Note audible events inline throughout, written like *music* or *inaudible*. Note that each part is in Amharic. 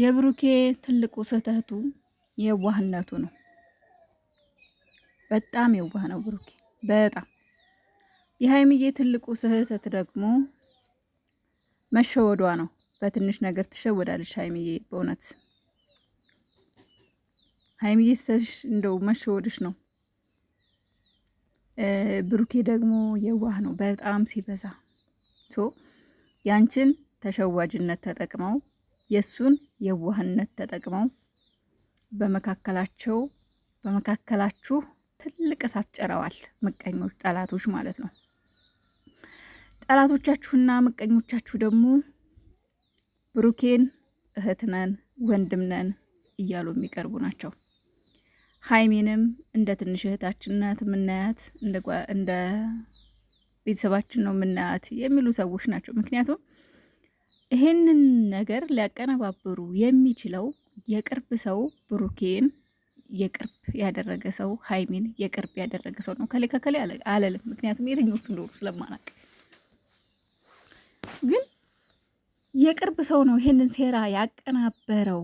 የብሩኬ ትልቁ ስህተቱ የዋህነቱ ነው። በጣም የዋህ ነው ብሩኬ በጣም የሀይምዬ ትልቁ ስህተት ደግሞ መሸወዷ ነው። በትንሽ ነገር ትሸወዳለች ሀይምዬ በእውነት ሀይምዬ ስተሽ እንደው መሸወድሽ ነው። ብሩኬ ደግሞ የዋህ ነው በጣም ሲበዛ። ያንችን ያንቺን ተሸዋጅነት ተጠቅመው የእሱን የዋህነት ተጠቅመው በመካከላቸው በመካከላችሁ ትልቅ እሳት ጭረዋል። ምቀኞች፣ ጠላቶች ማለት ነው። ጠላቶቻችሁና ምቀኞቻችሁ ደግሞ ብሩኬን እህትነን ወንድምነን እያሉ የሚቀርቡ ናቸው። ሀይሜንም እንደ ትንሽ እህታችን ናት የምናያት፣ እንደ ቤተሰባችን ነው የምናያት የሚሉ ሰዎች ናቸው። ምክንያቱም ይህንን ነገር ሊያቀነባብሩ የሚችለው የቅርብ ሰው ብሩኬን የቅርብ ያደረገ ሰው ሀይሚን የቅርብ ያደረገ ሰው ነው። ከሌ ከከሌ አለልም፣ ምክንያቱም የትኞቹ እንደሆኑ ስለማናቅ። ግን የቅርብ ሰው ነው ይህንን ሴራ ያቀናበረው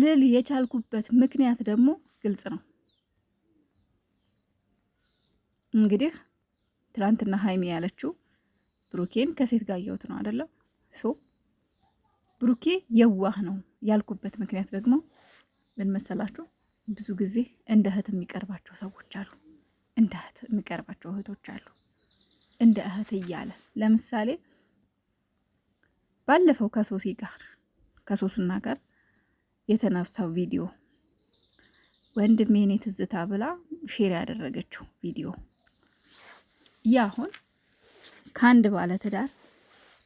ልል የቻልኩበት ምክንያት ደግሞ ግልጽ ነው። እንግዲህ ትናንትና ሀይሚ ያለችው ብሩኬን ከሴት ጋር እያወት ነው አይደለም። ሶ ብሩኬ የዋህ ነው ያልኩበት ምክንያት ደግሞ ምን መሰላችሁ? ብዙ ጊዜ እንደ እህት የሚቀርባቸው ሰዎች አሉ፣ እንደ እህት የሚቀርባቸው እህቶች አሉ። እንደ እህት እያለ ለምሳሌ ባለፈው ከሶሲ ጋር ከሶስና ጋር የተነሳው ቪዲዮ ወንድሜ እኔ ትዝታ ብላ ሼር ያደረገችው ቪዲዮ ያ አሁን ከአንድ ባለ ትዳር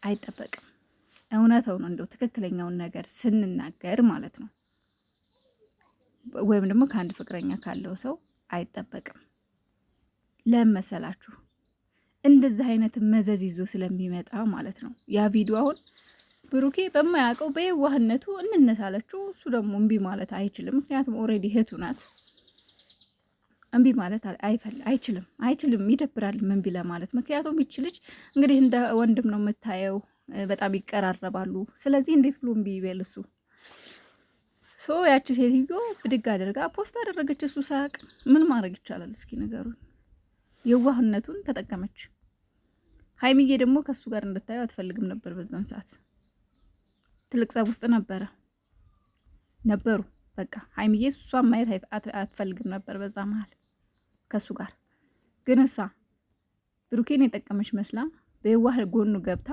አይጠበቅም። ነው እንደው ትክክለኛውን ነገር ስንናገር ማለት ነው። ወይም ደግሞ ከአንድ ፍቅረኛ ካለው ሰው አይጠበቅም። ለመሰላችሁ እንደዚህ አይነት መዘዝ ይዞ ስለሚመጣ ማለት ነው። ያ ቪዲዮ አሁን ብሩኬ በማያውቀው በየዋህነቱ እንነሳለችው እሱ ደግሞ እምቢ ማለት አይችልም። ምክንያቱም ኦልሬዲ እህቱ ናት። እምቢ ማለት አይፈል አይችልም አይችልም ይደብራል እምቢ ለማለት ምክንያቱም ይች ልጅ እንግዲህ እንደ ወንድም ነው የምታየው በጣም ይቀራረባሉ ስለዚህ እንዴት ብሎ እምቢ ይበል እሱ ሶ ያቺ ሴትዮ ብድግ አድርጋ ፖስት አደረገች እሱ ሳቅ ምን ማድረግ ይቻላል እስኪ ነገሩን የዋህነቱን ተጠቀመች ሀይሚዬ ደግሞ ከእሱ ጋር እንድታየው አትፈልግም ነበር በዛን ሰዓት ትልቅ ጸብ ውስጥ ነበረ ነበሩ በቃ ሀይሚዬ እሷን ማየት አትፈልግም ነበር በዛ መሀል ከሱ ጋር ግን እሳ ብሩኬን የጠቀመች መስላ በየዋህ ጎኑ ገብታ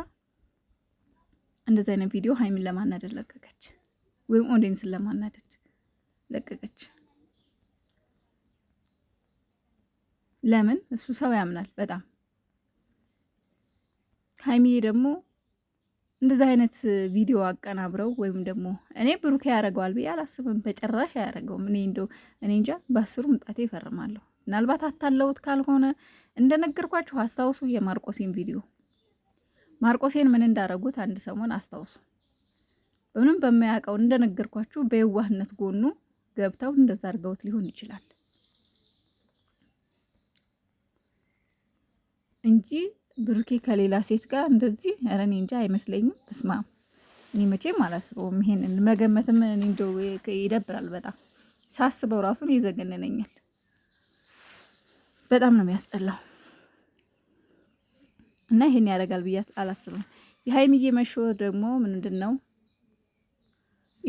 እንደዚ አይነት ቪዲዮ ሀይሚን ለማናደድ ለቀቀች፣ ወይም ኦዲንስን ለማናደድ ለቀቀች። ለምን እሱ ሰው ያምናል በጣም ሀይሚዬ ደግሞ እንደዚህ አይነት ቪዲዮ አቀናብረው ወይም ደግሞ እኔ ብሩኬ ያደረገዋል ብዬ አላስብም። በጭራሽ አያደርገውም እኔ እንደው እኔ እንጃ በአስሩ ምጣቴ ይፈርማለሁ። ምናልባት አታለውት ካልሆነ እንደነገርኳችሁ አስታውሱ የማርቆሴን ቪዲዮ ማርቆሴን ምን እንዳረጉት አንድ ሰሞን አስታውሱ። ምንም በማያውቀው እንደነገርኳችሁ በየዋህነት ጎኑ ገብተው እንደዛ አድርገውት ሊሆን ይችላል እንጂ ብሩኬ ከሌላ ሴት ጋር እንደዚህ ኧረ እኔ እንጃ አይመስለኝም። ተስማ እኔ መቼም አላስበውም። ይሄንን መገመትም እንደው ይደብራል። በጣም ሳስበው ራሱን ይዘገነነኛል። በጣም ነው የሚያስጠላው እና ይሄን ያደርጋል ብዬ አላስብም። የሀይሚዬ መሾህ ደግሞ ምንድን ነው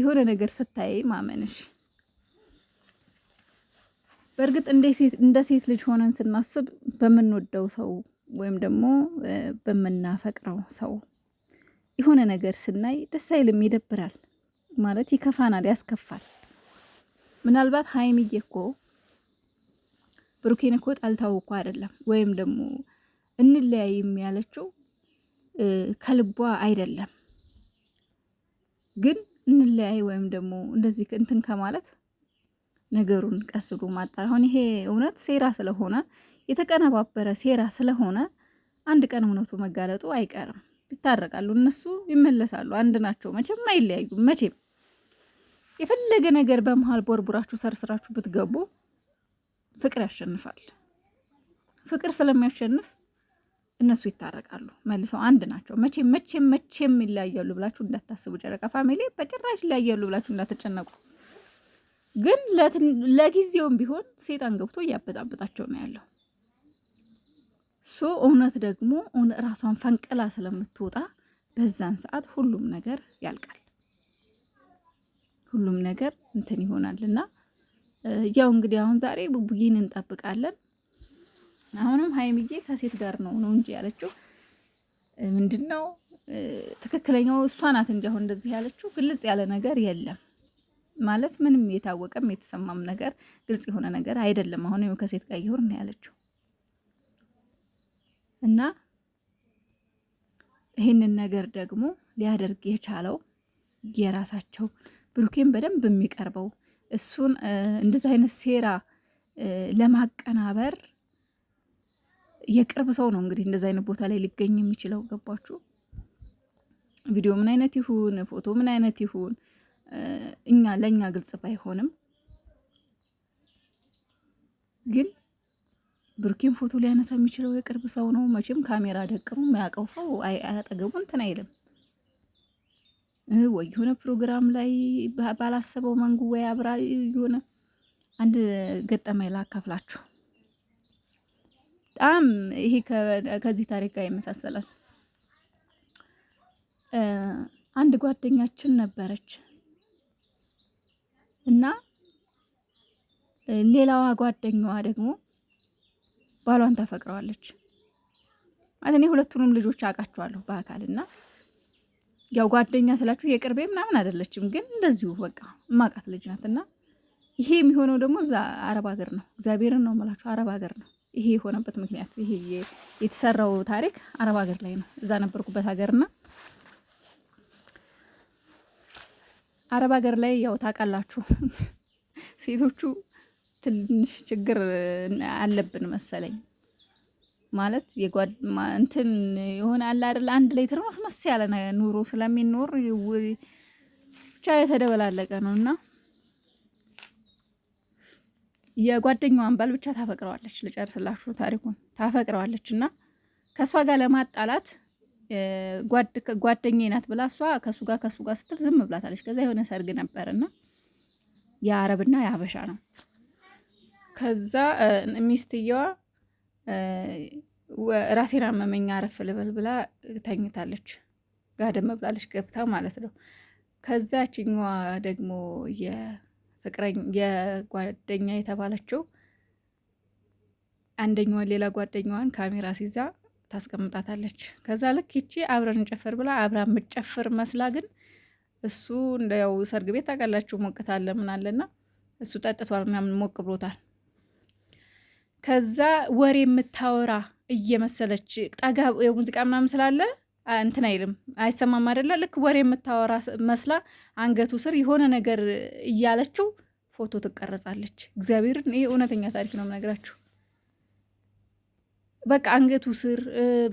የሆነ ነገር ስታይ ማመንሽ በእርግጥ እንደ ሴት ልጅ ሆነን ስናስብ በምንወደው ሰው ወይም ደግሞ በምናፈቅረው ሰው የሆነ ነገር ስናይ ደስ አይልም፣ ይደብራል፣ ማለት ይከፋናል፣ ያስከፋል። ምናልባት ሀይሚዬ እኮ ብሩኬን እኮ ጣልታው እኮ አይደለም ወይም ደግሞ እንለያይም ያለችው ከልቧ አይደለም። ግን እንለያይ ወይም ደግሞ እንደዚህ እንትን ከማለት ነገሩን ቀስ ብሎ ማጣር፣ አሁን ይሄ እውነት ሴራ ስለሆነ የተቀነባበረ ሴራ ስለሆነ አንድ ቀን እውነቱ መጋለጡ አይቀርም። ይታረቃሉ፣ እነሱ ይመለሳሉ። አንድ ናቸው፣ መቼም አይለያዩም። መቼም የፈለገ ነገር በመሀል ቦርቡራችሁ ሰርስራችሁ ብትገቡ ፍቅር ያሸንፋል። ፍቅር ስለሚያሸንፍ እነሱ ይታረቃሉ፣ መልሰው አንድ ናቸው። መቼም መቼም መቼም ይለያያሉ ብላችሁ እንዳታስቡ ጨረቃ ፋሚሊ፣ በጭራሽ ይለያያሉ ብላችሁ እንዳትጨነቁ። ግን ለጊዜውም ቢሆን ሴጣን ገብቶ እያበጣበጣቸው ነው ያለው። ሶ እውነት ደግሞ ራሷን ፈንቅላ ስለምትወጣ በዛን ሰዓት ሁሉም ነገር ያልቃል፣ ሁሉም ነገር እንትን ይሆናልና ያው እንግዲህ አሁን ዛሬ ቡቡዬን እንጠብቃለን። አሁንም ሀይሚዬ ከሴት ጋር ነው ነው እንጂ ያለችው ምንድን ነው ትክክለኛው እሷ ናት እንጂ አሁን እንደዚህ ያለችው ግልጽ ያለ ነገር የለም ማለት ምንም የታወቀም የተሰማም ነገር ግልጽ የሆነ ነገር አይደለም። አሁን ከሴት ጋር ይሁን ነው ያለችው እና ይህንን ነገር ደግሞ ሊያደርግ የቻለው የራሳቸው ብሩኬን በደንብ የሚቀርበው እሱን እንደዚህ አይነት ሴራ ለማቀናበር የቅርብ ሰው ነው እንግዲህ እንደዚህ አይነት ቦታ ላይ ሊገኝ የሚችለው ገባችሁ? ቪዲዮ ምን አይነት ይሁን ፎቶ ምን አይነት ይሁን እኛ ለእኛ ግልጽ ባይሆንም ግን ብሩኬን ፎቶ ሊያነሳ የሚችለው የቅርብ ሰው ነው። መቼም ካሜራ ደቅኖ የማያውቀው ሰው አያጠገቡ እንትን አይልም። ወይ የሆነ ፕሮግራም ላይ ባላሰበው መንጉ ወይ አብራ የሆነ አንድ ገጠመኝ ላካፍላችሁ። በጣም ይሄ ከዚህ ታሪክ ጋር ይመሳሰላል። አንድ ጓደኛችን ነበረች እና ሌላዋ ጓደኛዋ ደግሞ ባሏን ታፈቅረዋለች ማለት እኔ ሁለቱንም ልጆች አውቃቸዋለሁ በአካል እና ያው ጓደኛ ስላችሁ የቅርቤ ምናምን አይደለችም፣ ግን እንደዚሁ በቃ እማቃት ልጅ ናት። እና ይሄ የሚሆነው ደግሞ እዛ አረብ ሀገር ነው። እግዚአብሔርን ነው የምላችሁ፣ አረብ ሀገር ነው ይሄ የሆነበት ምክንያት። ይሄ የተሰራው ታሪክ አረብ ሀገር ላይ ነው። እዛ ነበርኩበት ሀገርና አረብ ሀገር ላይ ያው ታውቃላችሁ *laughs* ሴቶቹ ትንሽ ችግር አለብን መሰለኝ። ማለት እንትን የሆነ አለ አይደል አንድ ላይ ትርምስ መስ ያለ ኑሮ ስለሚኖር ብቻ የተደበላለቀ ነው እና የጓደኛዋን ባል ብቻ ታፈቅረዋለች። ልጨርስላችሁ ታሪኩን። ታፈቅረዋለች እና ከእሷ ጋር ለማጣላት ጓደኛ ናት ብላ እሷ ከሱ ጋር ከሱ ጋር ስትል ዝም ብላታለች። ከዛ የሆነ ሰርግ ነበር እና የአረብና የአበሻ ነው። ከዛ ሚስትየዋ ራሴን አመመኝ አረፍ ልበል ብላ ተኝታለች። ጋደም ብላለች ገብታ ማለት ነው። ከዛችኛዋ ደግሞ የፍቅረኛ የጓደኛ የተባለችው አንደኛዋን ሌላ ጓደኛዋን ካሜራ ሲዛ ታስቀምጣታለች። ከዛ ልክ ይቺ አብረን እንጨፍር ብላ አብራ የምትጨፍር መስላ ግን እሱ እንደው ሰርግ ቤት ታውቃላችሁ ሞቅታለ ምናለና እሱ ጠጥቷል ምናምን ሞቅ ብሎታል። ከዛ ወሬ የምታወራ እየመሰለች ጣጋ ሙዚቃ ምናምን ስላለ እንትን አይልም አይሰማም አይደለ? ልክ ወሬ የምታወራ መስላ አንገቱ ስር የሆነ ነገር እያለችው ፎቶ ትቀረጻለች። እግዚአብሔርን ይሄ እውነተኛ ታሪክ ነው የምነግራችሁ። በቃ አንገቱ ስር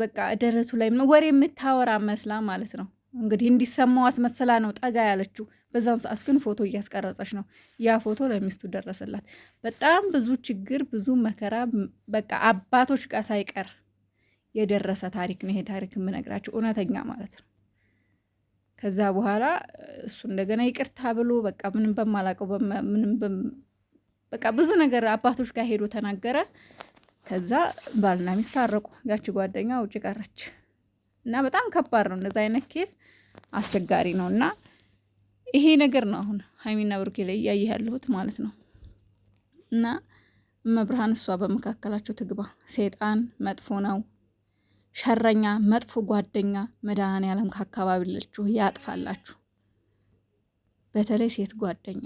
በቃ ደረቱ ላይ ወሬ የምታወራ መስላ ማለት ነው እንግዲህ እንዲሰማው አስመሰላ ነው ጠጋ ያለችው። በዛን ሰዓት ግን ፎቶ እያስቀረጸች ነው። ያ ፎቶ ለሚስቱ ደረሰላት። በጣም ብዙ ችግር፣ ብዙ መከራ በቃ አባቶች ጋር ሳይቀር የደረሰ ታሪክ ነው። ይሄ ታሪክ የምነግራቸው እውነተኛ ማለት ነው። ከዛ በኋላ እሱ እንደገና ይቅርታ ብሎ በቃ ምንም በማላቀው ምንም በቃ ብዙ ነገር አባቶች ጋር ሄዶ ተናገረ። ከዛ ባልና ሚስት ታረቁ። ያቺ ጓደኛ ውጭ ቀረች እና በጣም ከባድ ነው። እንደዚ አይነት ኬስ አስቸጋሪ ነው እና ይሄ ነገር ነው አሁን ሀይሚና ብሩኬ ላይ እያየ ያለሁት ማለት ነው። እና መብርሃን እሷ በመካከላቸው ትግባ። ሴጣን መጥፎ ነው፣ ሸረኛ፣ መጥፎ ጓደኛ መድኃኔ ዓለም ከአካባቢላችሁ ያጥፋላችሁ። በተለይ ሴት ጓደኛ